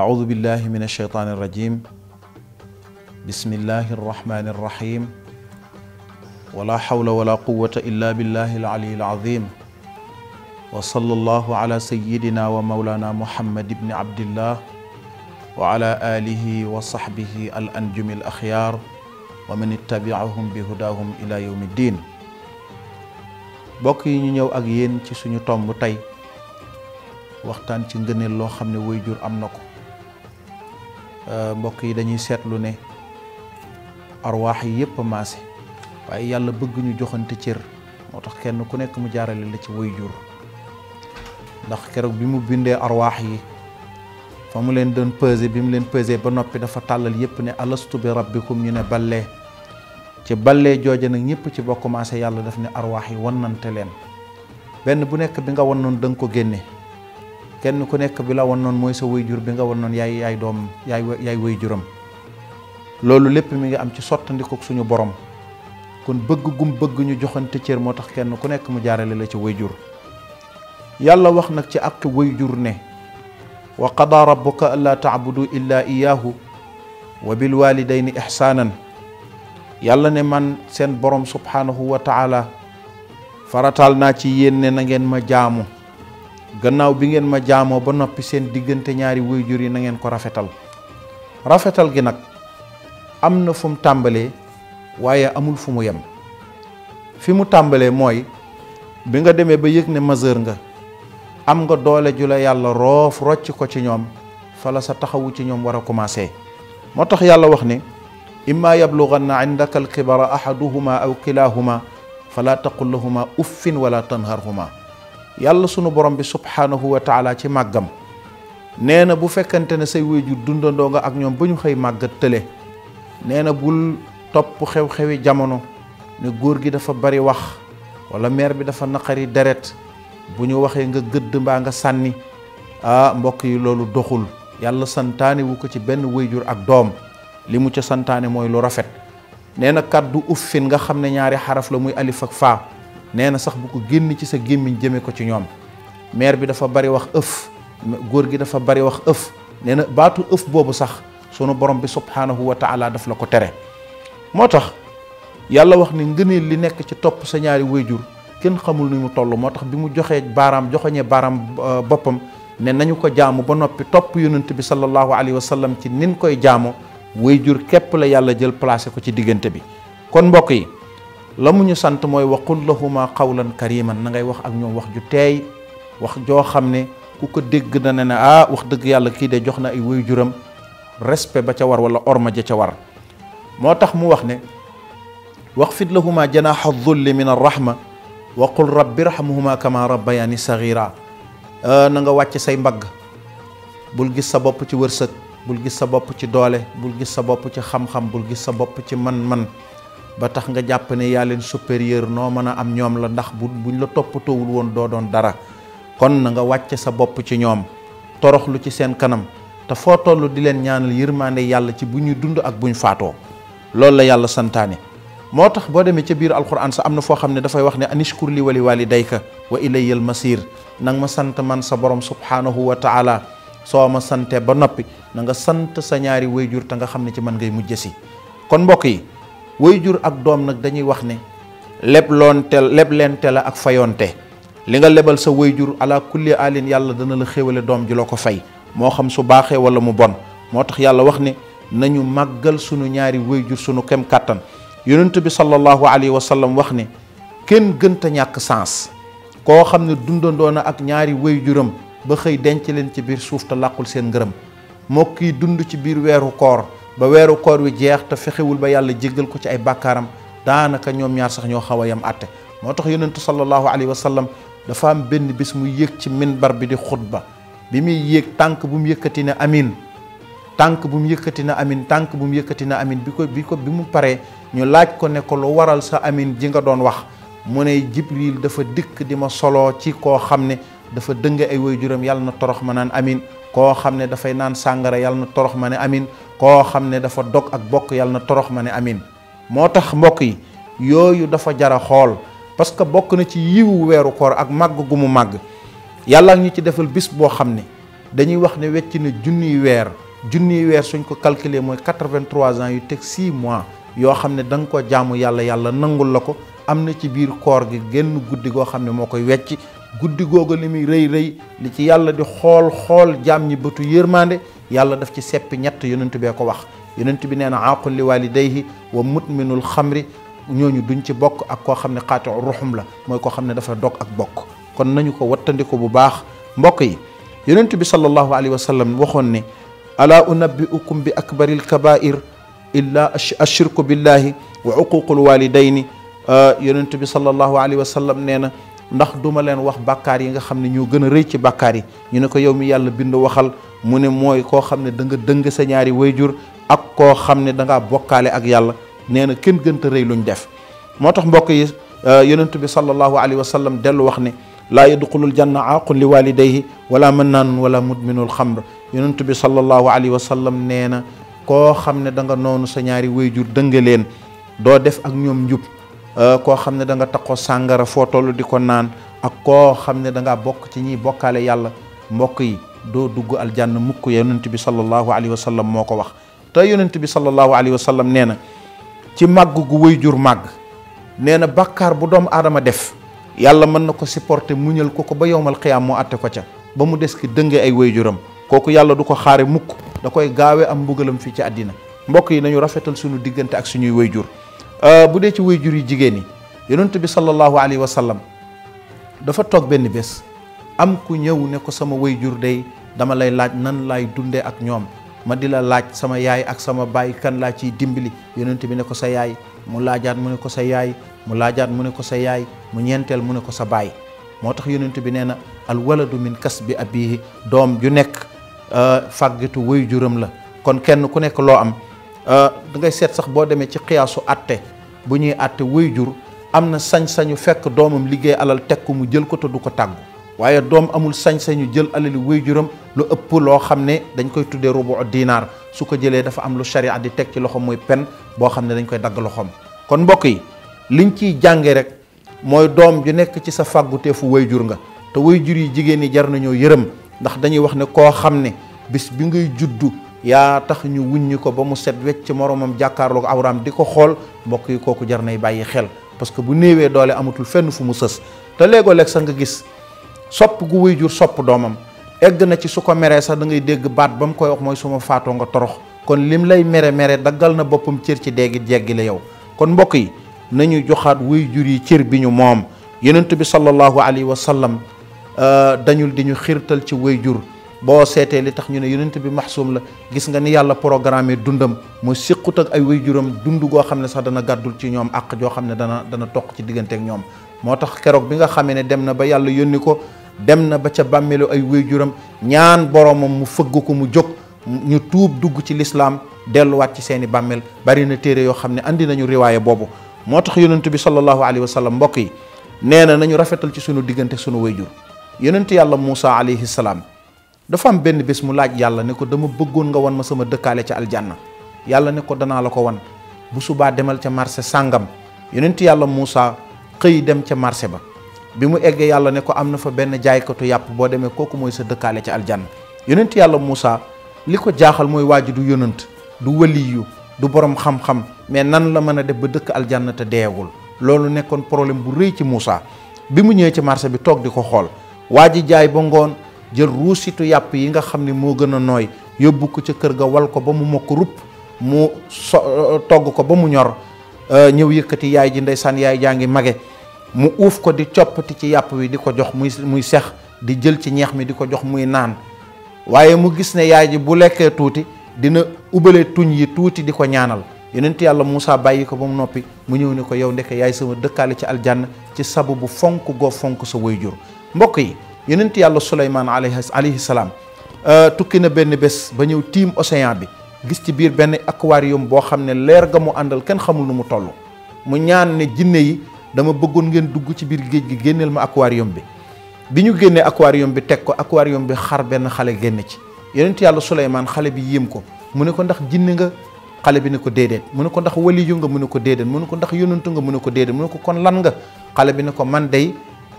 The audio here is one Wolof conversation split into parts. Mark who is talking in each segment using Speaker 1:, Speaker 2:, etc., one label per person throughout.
Speaker 1: أعوذ بالله من الشيطان الرجيم بسم الله الرحمن الرحيم ولا حول ولا قوة إلا بالله العلي العظيم وصلى الله على سيدنا ومولانا محمد بن عبد الله وعلى آله وصحبه الأنجم الأخيار ومن اتبعهم بهداهم إلى يوم الدين bokk yi ñu ñëw ak yéen ci suñu tomb tey waxtaan ci ngëneel loo xam ne waajur am na ko Euh, mbokk yi dañuy seetlu ne arwaax yi yëpp maase waaye yàlla bëgguñu ñu joxante cër moo tax kenn ku nekk mu jaarale la ci way jur ndax keroog bi mu bindee arwaax yi fa mu leen doon pesé bi mu leen pesé ba noppi dafa tàllal yëpp ne alastu bi rabbikum ñu ne ballee ci ballee jooja nag ñëpp ci bokk maase yàlla def ne arwaax yi wannante leen benn bu nekk bi nga wannoon da nga ko génne kenn ku nekk bi la wan noon mooy sa way jur bi nga wan noon yaay yaay doom yaay yaay way loolu lépp mi ngi am ci sottandiku suñu borom kon bëgg gum bëgg ñu joxante cër moo tax kenn ku nekk mu jaarale la ci way jur yàlla wax nag ci ak way jur ne wa qada rabbuka allaa taabudu illaa iyaahu wa bil walidayni ihsaanan yàlla ne man seen borom subhaanahu wa taala farataal naa ci yéen ne na ngeen ma jaamu gannaaw bi ngeen ma jaamoo ba noppi seen diggante ñaari waajur yi nangeen ko rafetal rafetal gi nag am na fu mu tàmbalee waaye amul fu mu yem fi mu tàmbalee mooy bi nga demee ba yëg ne majeur nga am nga doole ju la yàlla roof rocc ko ci ñoom fala sa taxawu ci ñoom war a commencé moo tax yàlla wax ne imma yabluganna indaka alkibara ahaduhuma aw kilahuma fala taqul lahuma uffin wala tanharhuma yàlla sunu borom bi subhaanahu wa taala ci màggam nee na bu fekkante ne say wéjur dundandoo nga ak ñoom ba ñu xëy màggat tële nee na bul topp xew-xewi jamono ne góor gi dafa bari wax walla meer bi dafa naqari deret bu ñu waxee nga gëdd mbaa nga sànni ah mbokk yi loolu doxul yàlla santaane wu ko ci benn wéyjur ak doom li mu ca santaane mooy lu rafet nee na kàddu uffin nga xam ne ñaari xaraf la muy alif ak faa nee na sax bu ko génn ci sa gémmiñ jëme ko ci ñoom maire bi dafa bari wax ëf góor gi dafa bari wax ëf nee na baatu ëf boobu sax sunu borom bi subhaanahu wa taala daf la ko tere moo tax yàlla wax ni ngëneel li nekk ci topp sa ñaari wayjur kenn xamul ni mu toll moo tax bi mu joxee baaraam joxoñee baaraam euh, boppam ne nañu ko jaamu ba noppi topp yonent bi sallallahu alayhi wa sallam ci nin koy jaamu wayjur képp la yàlla jël placé ko ci diggante bi kon mbokk la mu ñu sant mooy waqul lahuma qawlan kariman na ngay wax ak ñoom wax ju teey wax joo xam ne ku ko dégg na ne ne ah wax dëgg yàlla kii de jox na ay waajuram respet ba ca war wala orma ja ca war moo tax mu wax ne wax waxfid lahuma janaaxa dulli min arrahma waqul rabbi irhamhuma kama rabbayani sagira ah, na nga wàcce say mbagg bul gis sa bopp ci wërsëg bul gis sa bopp ci doole bul gis sa bopp ci xam-xam bul gis sa bopp ci man-man ba tax nga jàpp ne yaa leen noo mën a am ñoom la ndax bu buñ la toppatoowul woon doo doon dara kon na nga wàcce sa bopp ci ñoom toroxlu ci seen kanam te foo toll di leen ñaanal yërmaande yàlla ci bu ñuy dund ak buñ faatoo loolu la yàlla santaane moo tax boo demee ca biir alquran sa am na foo xam ne dafay wax ne anishkur li wali walidayka wa ilayal masir na nga ma sant man sa borom subhaanahu wa taala soo ma santee ba noppi na nga sant sa ñaari wayjur te nga xam ne ci man ngay mujj si way jur ak doom nag dañuy wax ne leb loon leb leen la ak fayonte li nga lebal sa way jur ala kulli alin yàlla dana la xéwale doom ji la ko fay moo xam su baaxee wala mu bon moo tax yàlla wax ne nañu màggal sunu ñaari way jur sunu kem kàttan yonent bi sallallahu alayhi wa wax ne kenn gënta ñàkk sens koo xam ne dundandoo na ak ñaari way juram ba xëy denc leen ci biir suuf te làqul seen ngërëm moo kii dund ci biir weeru koor ba weeru koor wi jeex te fexewul ba yàlla jéggal ko ci ay bàkkaaram daanaka ñoom ñaar sax ñoo xaw a yam àtte moo tax yonentu sallallahu alayhi wa sallam dafa am benn bis mu yéeg ci min minbar bi di xutba bi muy yéeg tànk bu mu yëkkati ne amin tànk bu mu yëkkati na amin tànk bu yëkkati na amin bi ko bi mu paree ñu laaj ko ne ko lu waral sa amin ji nga doon wax mu ne Jibril dafa dikk di ma solo ci koo xam ne dafa dëng ay waajuram yàlla na torox ma naan amin koo xam ne dafay naan sàngara yàlla na torox ma ne amin koo xam ne dafa dog ak bokk yàlla na torox ma ne amin moo tax mbokk yi yooyu dafa jara xool parce que bokk na ci yiwu weeru koor ak màgg gu mu màgg yàlla ñu ci defal bis boo xam ne dañuy wax ne wecc na junniy weer junniy weer suñ ko calculer mooy quatre-vingt-trois ans yu teg six mois yoo xam ne da nga ko jaamu yàlla yàlla nangul la ko am na ci biir koor gi génn guddi goo xam ne moo koy wecc guddi googu li muy rëy rëy li ci yàlla di xool xool jaam ñi bëtu yërmande yàlla def ci seppi ñett yonent bee ko wax yonent bi nee na aaqul li walidayhi wa mutminul xamri ñooñu duñ ci bokk ak koo xam ne xaati ruxum la mooy koo xam ne dafa dog ak bokk kon nañu ko wattandiku bu baax mbokk yi yonent bi sallallahu alayhi wa sallam waxoon ne alaa unabbiukum bi akbaril kabair illa ashirku billahi wa uququl walidayni Euh, yonent bi sallallahu alayhi wa sallam nee na ndax duma leen wax bàkkaar yi nga xam ne ñoo gën a rëy ci bàkkaar yi ñu ne ko yow mi yàlla bind waxal mu ne mooy koo xam ne da nga sa ñaari wayjur ak koo xam ne da ngaa bokkaale ak yàlla nee na kenn gënta rëy luñ def moo tax mbokk yi euh, yonent bi sallallahu alayhi wa sallam dellu wax ne laa yadxulul janna aaqun li walidayhi wala mannaanun wala mudminul xamr yonent bi sallallahu alayhi wa sallam nee na koo xam ne da noonu sa ñaari wayjur dënga leen doo def ak ñoom njub Euh, koo xam ne da nga taxoo sàngara foo toll di ko naan ak koo xam ne da ngaa bokk ci ñiy bokkaale yàlla mbokk yi doo dugg aljanna mukk yonent bi sallallahu alayhi wa sallam moo ko wax te yonent bi sallallahu alayhi wa sallam nee na ci màgg gu wëy jur màgg nee na bàkkaar bu doom aadama def yàlla mën na ko supporter muñal ko ko ba yowmal am moo atte ko ca ba mu des ki dëngee ay wëy juram kooku yàlla du ko xaare mukk da koy gaawee am mbugalam fii ci àddina mbokk yi nañu rafetal suñu diggante ak suñuy wëy jur Euh, bu dee ci jur yu jigéen ñi yonent bi sallallahu alayhi wa sallam dafa toog benn bés am ku ñëw ne ko sama jur day dama lay laaj nan laay dundee ak ñoom ma di la laaj sama yaay ak sama baay kan laa ciy dimbali yonent bi ne ko sa yaay mu laajaat mu ne ko sa yaay mu laajaat mu ne ko sa yaay mu ñeenteel mu ne ko sa baay moo tax yonent bi nee na al waladu min kasbi abihi doom ju nekk euh, fàggetu fàggitu juram la kon kenn ku nekk loo am da euh, ngay seet sax boo demee ci xiyaasu atte bu ñuy atte waajur am na sañ-sañu fekk doomam liggéey alal teg ko mu jël ko te du ko tàggu waaye doom amul sañ-sañu jël alali waajuram lu ëpp loo xam ne dañ koy tuddee rubu dinaar su ko jëlee dafa am lu sharia di teg ci loxoom muy pen boo xam ne dañ koy dagg loxoom kon mbokk yi liñ ciy jànge rek mooy doom ju nekk ci sa fàgguteefu waajur nga te waajur yi jigéen ñi jar nañoo yërëm ndax dañuy wax ne koo xam ne bis bi ngay juddu yaa tax ñu wuññi ko ba mu set wecc ci moromam jàkkaarloog awraam di ko xool mbokk yi kooku jar nay bàyyi xel parce que bu néewee doole amatul fenn fu mu sës te léegoo-leeg sax nga gis sopp gu wuy jur sopp doomam egg na ci su ko meree sax da ngay dégg baat ba mu koy wax mooy suma faatoo nga torox kon lim lay mere mere daggal na boppam cër ci déggi jeggi la yow kon mbokk yi nañu joxaat wuy jur yi cër bi ñu moom yonent bi sallallahu alayhi wa sallam euh, dañul di ñu xiirtal ci wuy jur boo seetee li tax ñu ne yonent bi maxsuum la gis nga ni yàlla programme dundam mu siqut ak ay waajuram dund goo xam ne sax dana gàddul ci ñoom àq joo xam ne dana dana toq ci diggante ak ñoom moo tax keroog bi nga xamee ne dem na ba yàlla yónni ko dem na ba ca bàmmeelu ay waajuram ñaan boromam mu fëgg ko mu jóg ñu tuub dugg ci lislaam delluwaat ci seeni bàmmeel bari na téere yoo xam ne indi nañu riwaaye boobu moo tax yonent bi sallallahu alayhi wa sallam mbokk yi nee na nañu rafetal ci sunu diggante sunu wayjur yonent yàlla Moussa salaam dafa am benn bés mu laaj yàlla ne ko dama bëggoon nga wan ma sama dëkkaale ca aljanna yàlla ne ko danaa la ko wan bu subaa demal ca marché sàngam yonent yàlla muusaa xëy dem ca marché ba bi mu eggee yàlla ne ko am na fa benn jaaykatu yàpp boo demee kooku mooy sa dëkkaale ca aljanna yonent yàlla Moussa li ko jaaxal mooy waa ji du yonant du waliyu du borom xam-xam mais nan la mën a def ba dëkk aljanna te deewul loolu nekkoon problème bu rëy ci Moussa bi mu ñëwee ci marché bi toog di ko xool jël ruusitu yàpp yi nga xam ne moo gën a nooy yóbbu ko ca kër ga wal ko ba mu mokk rupp mu so euh, togg ko ba mu ñor euh, ñëw yëkkati yaay ji ndeysaan yaay jaa ngi mage mu uuf ko di coppati ci yàpp wi di ko jox muy muy sex di jël ci ñeex mi di ko jox muy naan waaye mu gis ne yaay ji bu lekkee tuuti dina ubale tuñ yi tuuti di ko ñaanal yeneen yonent yàlla Moussa bàyyi ko ba mu noppi mu ñëw ne ko yow ndeke yaay sama dëkkaale ci aljanna ci sabu bu fonk goo fonk sa waajur ti yàlla Suleymaan alayhi salaam euh, tukki na benn bés ba ñëw tiim océan bi gis ci biir benn aquarium boo xam ne leer ga mu àndal kenn xamul nu mu toll mu ñaan ne jinne yi dama bëggoon ngeen dugg ci biir géej gi génneel ma aquarium bi bi ñu génnee aquarium bi teg ko aquarium bi xar benn xale génn ci yeneen yonent yàlla Suleymaan xale bi yéem ko mu ne ko ndax jinne nga xale bi ne ko déedéet mu ne ko ndax waliyu nga mu ne ko déedéet mu ko ndax yonantu nga mu ne ko déedéet mu ko kon lan nga xale bi ne ko man day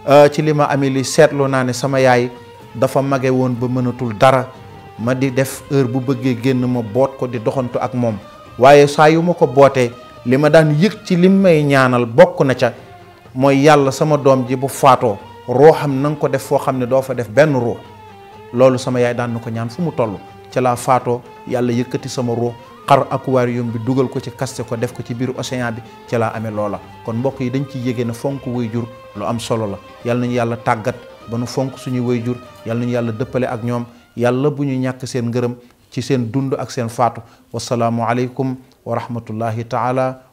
Speaker 1: Euh, ci li ma amee li seetlu naa ne sama yaay dafa mage woon ba mënatul dara ma di def heure bu bëggee génn ma boot ko di doxantu ak moom waaye saa yu ma ko bootee li ma daan yëg ci li may ñaanal bokk na ca mooy yàlla sama doom ji bu faatoo ruuxam na nga ko def foo xam ne doo fa def benn ruux loolu sama yaay daan na ko ñaan fu mu toll ca laa faatoo yàlla yëkkati sama ruux xar aquarium bi dugal ko ci kaste ko def ko ci biir océan bi ci laa amee loola kon mbokk yi dañ ciy yégée ne fonk way jur lu am solo la yàlla nañu yàlla tàggat ba nu fonk suñu way jur yàlla nañu yàlla dëppale ak ñoom yàlla bu ñu ñàkk seen ngërëm ci seen dund ak seen faatu wasalaamu aleykum wa rahmatullahi taala